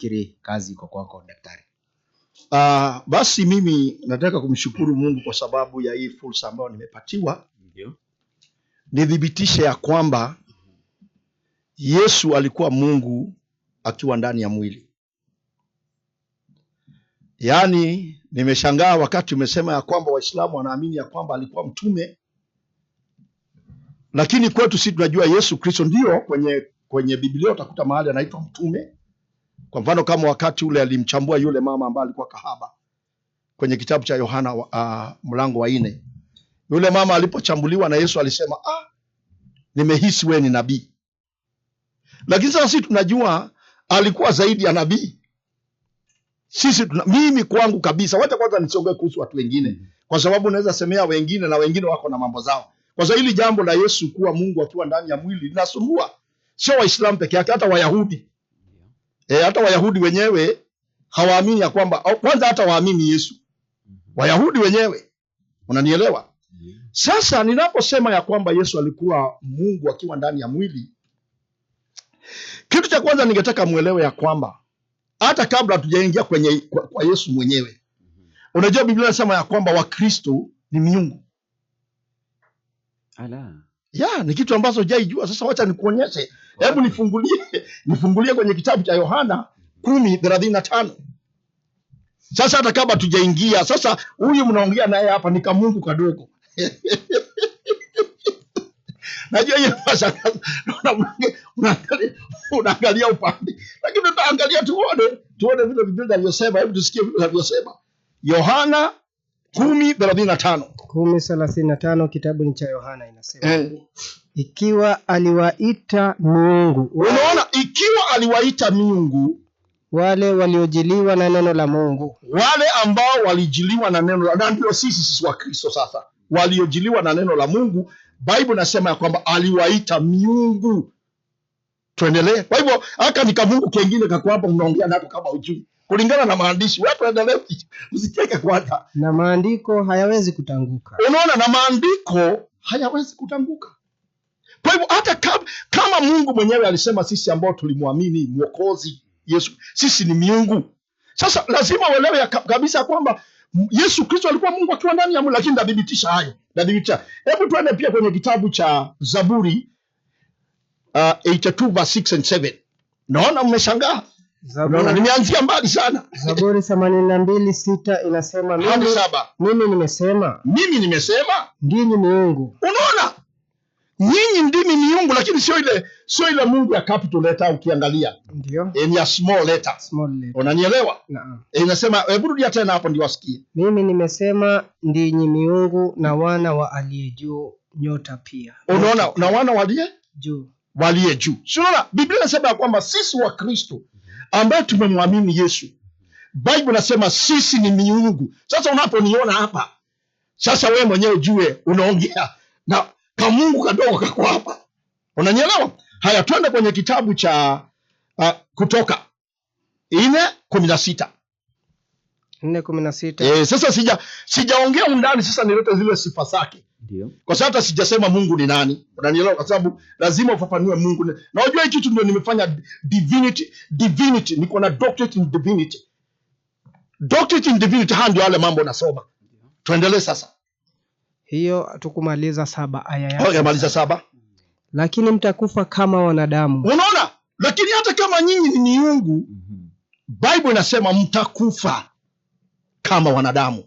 nafikiri kazi iko kwako daktari. Uh, basi mimi nataka kumshukuru Mungu kwa sababu ya hii fursa ambayo nimepatiwa nithibitishe ya kwamba Yesu alikuwa Mungu akiwa ndani ya mwili. Yaani nimeshangaa wakati umesema ya kwamba Waislamu wanaamini ya kwamba alikuwa mtume, lakini kwetu si tunajua Yesu Kristo ndio kwenye, kwenye Biblia utakuta mahali anaitwa mtume kwa mfano kama wakati ule alimchambua yule mama ambaye alikuwa kahaba kwenye kitabu cha Yohana uh, mlango wa nne. Yule mama alipochambuliwa na Yesu alisema ah, nimehisi wewe ni nabii. Lakini sasa sisi tunajua alikuwa zaidi ya nabii. Sisi tuna, mimi kwangu kabisa, wacha kwanza nisiongee kuhusu watu wengine, kwa sababu unaweza semea wengine na wengine wako na mambo zao. Kwa sababu hili jambo la Yesu kuwa Mungu akiwa ndani ya mwili linasumbua, sio Waislamu peke yake, hata Wayahudi E, hata Wayahudi wenyewe hawaamini ya kwamba kwanza hata waamini Yesu. Mhm. Wayahudi wenyewe unanielewa? Sasa ninaposema ya kwamba Yesu alikuwa Mungu akiwa ndani ya mwili, kitu cha kwanza ningetaka mwelewe ya kwamba hata kabla hatujaingia kwenye kwa, kwa Yesu mwenyewe, mhm. unajua Biblia inasema ya kwamba Wakristo ni miungu Ala ya ni kitu ambacho jaijua. Sasa wacha nikuonyeshe, hebu nifungulie, nifungulie kwenye kitabu cha Yohana 10:35. Sasa hata kama tujaingia sasa, huyu mnaongea naye hapa ni kama Mungu kadogo najua hiyo mashangazi, unaangalia upande, lakini tutaangalia tuone, tuone vile vile alivyosema. Hebu tusikie vile alivyosema Yohana 10:35 kumi thelathini na tano kumi thelathini na tano kitabu ni cha Yohana inasema eh, ikiwa aliwaita miungu. Unaona, ikiwa aliwaita miungu wale waliojiliwa na neno la Mungu, wale ambao walijiliwa na neno la, na ndio sisi sisi wa Kristo sasa, waliojiliwa na neno la Mungu. Biblia nasema ya kwamba aliwaita miungu. Tuendelee. Kwa hivyo haka ni kamungu kengine kakwapa unaongea nako kama ujui kulingana na maandishi. Watu waendelee kuzicheka kwanza, na maandiko hayawezi kutanguka. Unaona, na maandiko hayawezi kutanguka. Kwa hivyo hata kab, kama Mungu mwenyewe alisema sisi ambao tulimwamini mwokozi Yesu sisi ni miungu. Sasa lazima uelewe kabisa kwamba Yesu Kristo alikuwa Mungu akiwa ndani ya mwili, lakini nadhibitisha hayo, nadhibitisha. Hebu tuende pia kwenye kitabu cha Zaburi uh, 82 verse 6 and 7. Naona mmeshangaa nimeanzia mbali sana. Zaburi 82:6 inasema mimi, mimi nimesema mimi nimesema ndinyi miungu. Unaona, nyinyi ndimi miungu, lakini sio ile sio ile Mungu ya capital letter. Ukiangalia ndio e, ni ya small letter, small letter. Unanielewa? Naam. E, inasema eh, hebu rudia tena hapo ndio wasikie. Mimi nimesema ndinyi miungu na wana wa aliye juu nyota pia. Unaona, na wana walie juu walie juu, si unaona Biblia inasema kwamba sisi wa Kristo ambayo tumemwamini Yesu. Biblia nasema sisi ni miungu. Sasa unaponiona hapa sasa, wewe mwenyewe ujue unaongea na kamungu kadogo kako hapa, unanielewa? Haya, twende kwenye kitabu cha uh, Kutoka nne kumi na sita. Nne kumi na sita. Eh, sasa sija sijaongea undani, sasa nilete zile sifa zake ndio. Kwa sababu hata sijasema Mungu ni nani. Unanielewa kwa sababu lazima ufafanue Mungu. ni- Na unajua hii kitu ndio nimefanya divinity, divinity, niko na doctorate in divinity. Doctorate in divinity, haya ndio yale mambo nasoma. Tuendelee sasa. Hiyo tukumaliza saba aya ya Okay, maliza saba. Lakini mtakufa kama wanadamu. Unaona? Lakini hata kama nyinyi ni miungu, mm -hmm. Bible inasema mtakufa kama wanadamu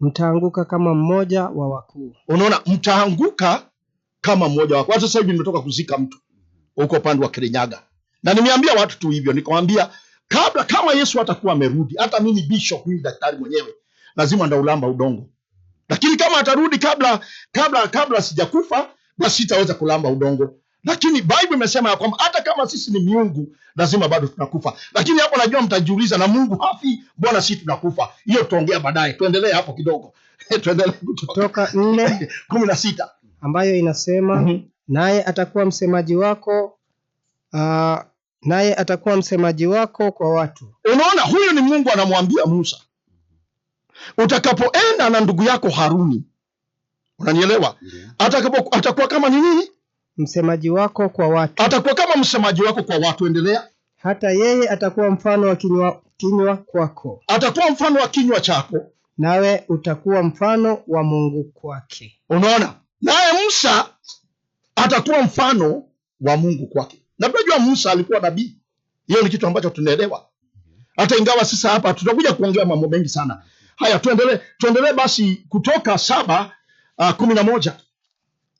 mtaanguka kama mmoja wa wakuu. Unaona, mtaanguka kama mmoja wa wakuu. Hata sasa hivi nimetoka kuzika mtu huko upande wa Kirinyaga, na nimeambia watu tu hivyo, nikamwambia kabla, kama Yesu atakuwa amerudi, hata mimi bishop, mimi daktari mwenyewe lazima ndaulamba udongo, lakini kama atarudi kabla kabla kabla sijakufa, basi sitaweza kulamba udongo lakini Bible imesema ya kwamba hata kama sisi ni miungu lazima bado tunakufa. Lakini hapo najua mtajiuliza, na Mungu hafi, mbona sisi tunakufa? Hiyo tutaongea baadaye, tuendelee hapo kidogo kutoka nne kumi na sita ambayo inasema mm -hmm. naye atakuwa msemaji wako uh, naye atakuwa msemaji wako kwa watu. Unaona, huyu ni Mungu anamwambia Musa, utakapoenda na ndugu yako Haruni, unanielewa? yeah. Atakapo, atakuwa kama ni nini msemaji wako kwa watu, atakuwa kama msemaji wako kwa watu. Endelea. Hata yeye atakuwa mfano wa kinywa, kinywa kwako, atakuwa mfano wa kinywa chako, nawe utakuwa mfano wa Mungu kwake. Unaona, naye Musa atakuwa mfano wa Mungu kwake. Na tunajua Musa alikuwa nabii, hiyo ni kitu ambacho tunaelewa, hata ingawa sasa hapa tutakuja kuongea mambo mengi sana. Haya, tuendelee tuendelee basi, Kutoka saba uh, kumi na moja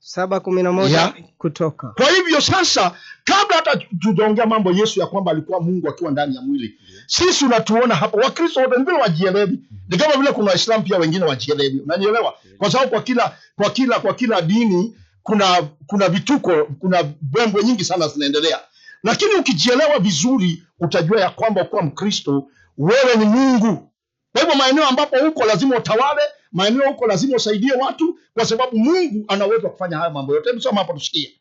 saba kumi na moja yeah. Kutoka. Kwa hivyo sasa, kabla hata tujaongea mambo Yesu ya kwamba alikuwa Mungu akiwa ndani ya mwili yeah. Sisi unatuona hapa Wakristo wote vile wajielewi mm -hmm. Ni kama vile kuna Waislamu pia wengine wajielewi, unanielewa? Kwa sababu kwa kila kwa kila kwa kila dini kuna kuna vituko, kuna bwembwe nyingi sana zinaendelea, lakini ukijielewa vizuri utajua ya kwamba ukiwa Mkristo wewe ni Mungu. Kwa hivyo maeneo ambapo huko lazima utawale maeneo huko lazima usaidie watu, kwa sababu Mungu ana uwezo wa kufanya haya mambo yote. Hebu soma hapo tusikie.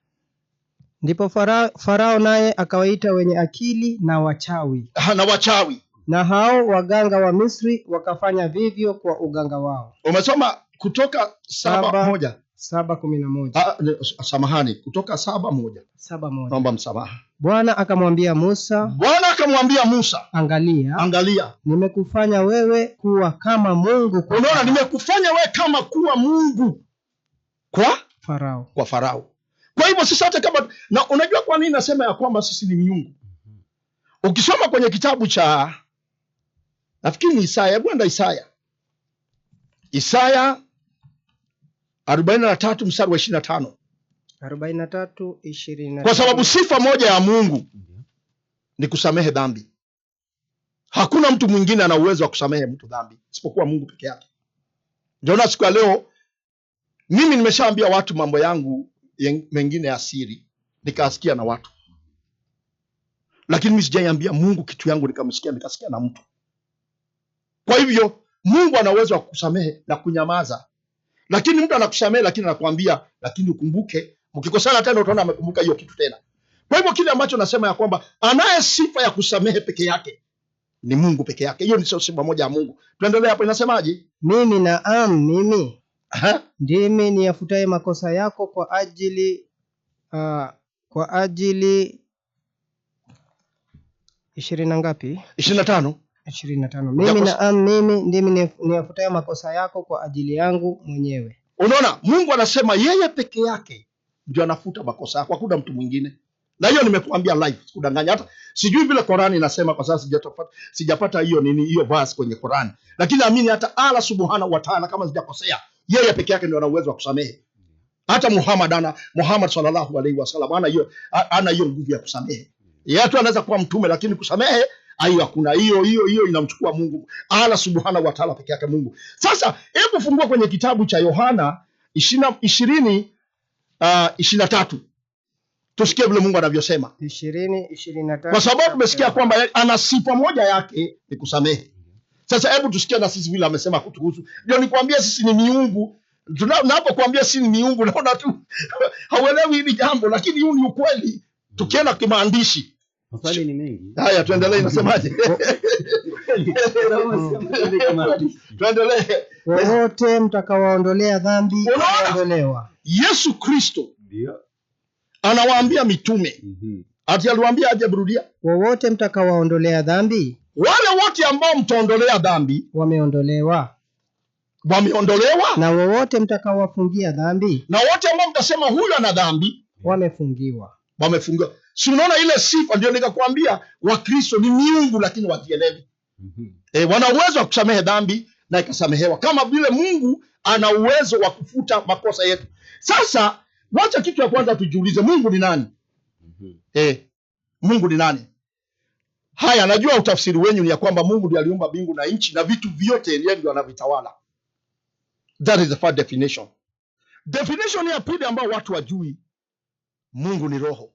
Ndipo Farao Farao naye akawaita wenye akili na wachawi ha, na wachawi na hao waganga wa Misri wakafanya vivyo kwa uganga wao. Umesoma Kutoka saba, saba moja saba kumi na moja. Ah, samahani, kutoka saba moja. Saba moja. Naomba msamaha. Bwana akamwambia Musa, Bwana akamwambia Musa, angalia, angalia, nimekufanya wewe kuwa kama Mungu. Unaona, nimekufanya wewe kama kuwa Mungu kwa Farao, kwa Farao. Kwa hivyo sisi hata kama na, unajua kwa nini nasema ya kwamba sisi ni miungu? Ukisoma kwenye kitabu cha nafikiri ni Isaya, hebu enda Isaya, Isaya arobaini na tatu mstari wa ishirini na tano na tatu ishirini Kwa sababu sifa moja ya Mungu ni kusamehe dhambi. Hakuna mtu mwingine ana uwezo wa kusamehe mtu dhambi isipokuwa Mungu peke yake. Ndiona siku ya leo mimi nimeshaambia watu mambo yangu mengine ya siri, nikasikia na watu, lakini mi sijaiambia Mungu kitu yangu nikamsikia, nikasikia na mtu. Kwa hivyo Mungu ana uwezo wa kusamehe na kunyamaza lakini mtu anakusamehe, lakini anakuambia, lakini ukumbuke, mkikosana tena utaona amekumbuka hiyo kitu tena. Kwa hivyo kile ambacho nasema ya kwamba anaye sifa ya kusamehe peke yake ni Mungu peke yake. Hiyo ni sifa moja ya Mungu. Tuendelee hapo, inasemaje? Mimi na am mimi ndimi niyafutaye makosa yako kwa ajili uh, kwa ajili ishirini na ngapi? ishirini na tano ishirini na tano mimi na am ah, mimi ndimi niyafutayo makosa yako kwa ajili yangu mwenyewe. Unaona, Mungu anasema yeye peke yake ndio anafuta makosa yako, hakuna mtu mwingine. Na hiyo nimekuambia live, sikudanganya. Hata sijui vile Qurani inasema kwa sasa sijapata sijapata hiyo nini hiyo verse kwenye Qurani, lakini naamini hata Allah subhanahu wa taala, kama sijakosea, yeye peke yake ndio ana uwezo wa kusamehe. Hata Muhammad ana Muhammad sallallahu alaihi wasallam ana hiyo ana hiyo nguvu ya kusamehe. Yeye tu anaweza kuwa mtume, lakini kusamehe aiyo hakuna hiyo hiyo hiyo, inamchukua Mungu ala subhanahu wa taala peke yake Mungu. Sasa hebu fungua kwenye kitabu cha Yohana ishirini uh, ishirini na tatu tusikie vile Mungu anavyosema, kwa sababu tumesikia kwamba ana sifa moja yake ni kusamehe. Sasa hebu tusikie na sisi vile amesema kutuhusu. Ndio nikwambie sisi ni miungu tunapokuambia si ni miungu, naona tu hauelewi hili jambo, lakini huu ni ukweli. Tukienda kimaandishi, Maswali ni mengi. Haya, tuendelee, inasemaje? Tuendelee. Wote mtakawaondolea dhambi kuondolewa. Yesu Kristo anawaambia mitume mm -hmm. Ati aliwaambia aje burudia, wowote mtakawaondolea dhambi. Wale wote ambao mtaondolea dhambi wameondolewa, wameondolewa. Na wowote mtakawafungia dhambi, na wote ambao mtasema huyu ana dhambi wamefungiwa, wamefungiwa si unaona ile sifa ndio nikakwambia wakristo ni miungu lakini wajielewi mm -hmm. E, eh, wana uwezo wa kusamehe dhambi na ikasamehewa kama vile mungu ana uwezo wa kufuta makosa yetu sasa wacha kitu ya kwanza tujiulize mungu ni nani mm -hmm. E, mungu ni nani haya najua utafsiri wenyu ni ya kwamba mungu ndi aliumba mbingu na nchi na vitu vyote yeye ndio anavitawala that is the first definition definition ya pili ambayo watu wajui mungu ni roho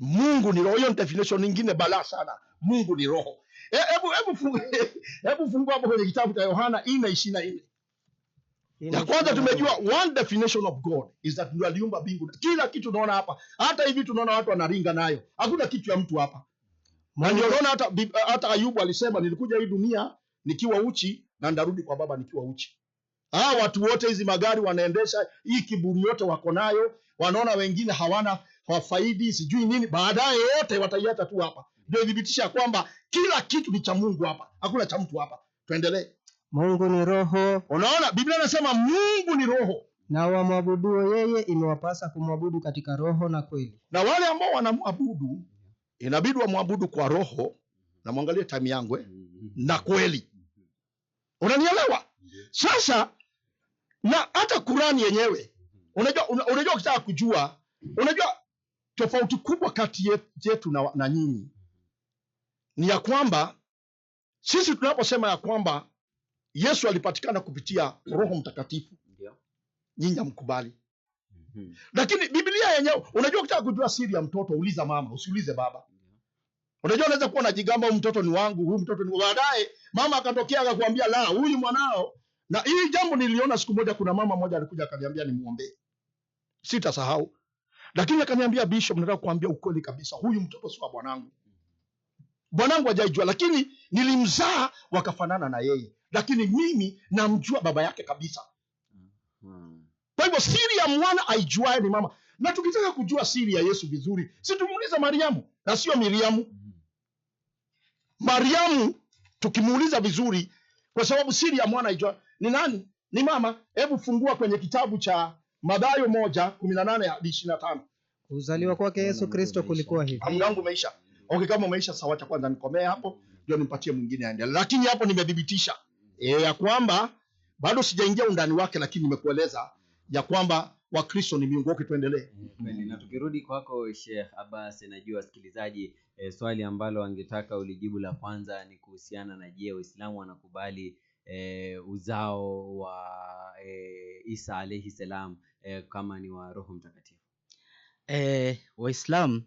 Mungu ni roho. Hiyo ni definition nyingine balaa sana. Mungu ni roho. Hebu e, hebu hebu fungua hapo kwenye kitabu cha Yohana 4:24. Ya kwanza tumejua one definition of God is that ndio aliumba mbingu. Kila kitu tunaona hapa. Hata hivi tunaona watu wanaringa nayo. Hakuna kitu ya mtu hapa. Na ndio unaona hata hata Ayubu alisema nilikuja hii dunia nikiwa uchi na ndarudi kwa baba nikiwa uchi. Hawa watu wote hizi magari wanaendesha, hii kiburi yote wako nayo, wanaona wengine hawana kwa faidi sijui nini, baadaye yote wataiacha tu hapa. Ndio ithibitisha kwamba kila kitu ni cha Mungu hapa, hakuna cha mtu hapa. Tuendelee. Mungu ni roho. Unaona, Biblia inasema Mungu ni roho na wamwabuduo yeye imewapasa kumwabudu katika roho na kweli. Na wale ambao wanamwabudu inabidi wamwabudu kwa roho, na mwangalie time yangu eh, na kweli. Unanielewa? Sasa na hata Kurani yenyewe unajua, unajua ukitaka kujua, unajua Tofauti kubwa kati yetu na, na nyinyi ni ya kwamba sisi tunaposema ya kwamba Yesu alipatikana kupitia Roho Mtakatifu, nyinyi amkubali mhm. Lakini Biblia yenyewe, unajua, ukitaka kujua siri ya mtoto uliza mama, usiulize baba. Unajua, unaweza kuwa najigamba huu mtoto ni wangu, huu mtoto ni baadaye, mama akatokea akakuambia la, huyu mwanao. Na hili jambo niliona siku moja, kuna mama moja alikuja akaniambia nimwombee, sitasahau. Lakini akaniambia bishop, nataka kuambia ukweli kabisa, huyu mtoto si wa bwanangu. Bwanangu hajaijua, lakini nilimzaa wakafanana na yeye, lakini mimi namjua baba yake kabisa. Kwa hivyo siri ya mwana aijuae ni mama, na tukitaka kujua siri ya Yesu vizuri, si tumuulize Mariamu na sio Miriamu. Mariamu tukimuuliza vizuri, kwa sababu siri ya mwana aijuaye ni nani? Ni mama. Hebu fungua kwenye kitabu cha Mathayo moja kumi na nane hadi ishirini na tano. Kuzaliwa kwake Yesu Kristo kulikuwa hivi. Muda wangu umeisha. Okay, kama umeisha sawa, cha kwanza nikomee hapo ndio nimpatie mwingine aendelee. Lakini hapo nimethibitisha eh, ya kwamba bado sijaingia undani wake, lakini nimekueleza ya kwamba Wakristo ni miungu wake. Tuendelee na tukirudi kwako Sheikh Abbas, najua wasikilizaji e, swali ambalo wangetaka ulijibu la kwanza ni kuhusiana na je, Waislamu wanakubali e, uzao wa e, Isa alayhi salam eh, kama ni wa Roho Mtakatifu. eh, Waislamu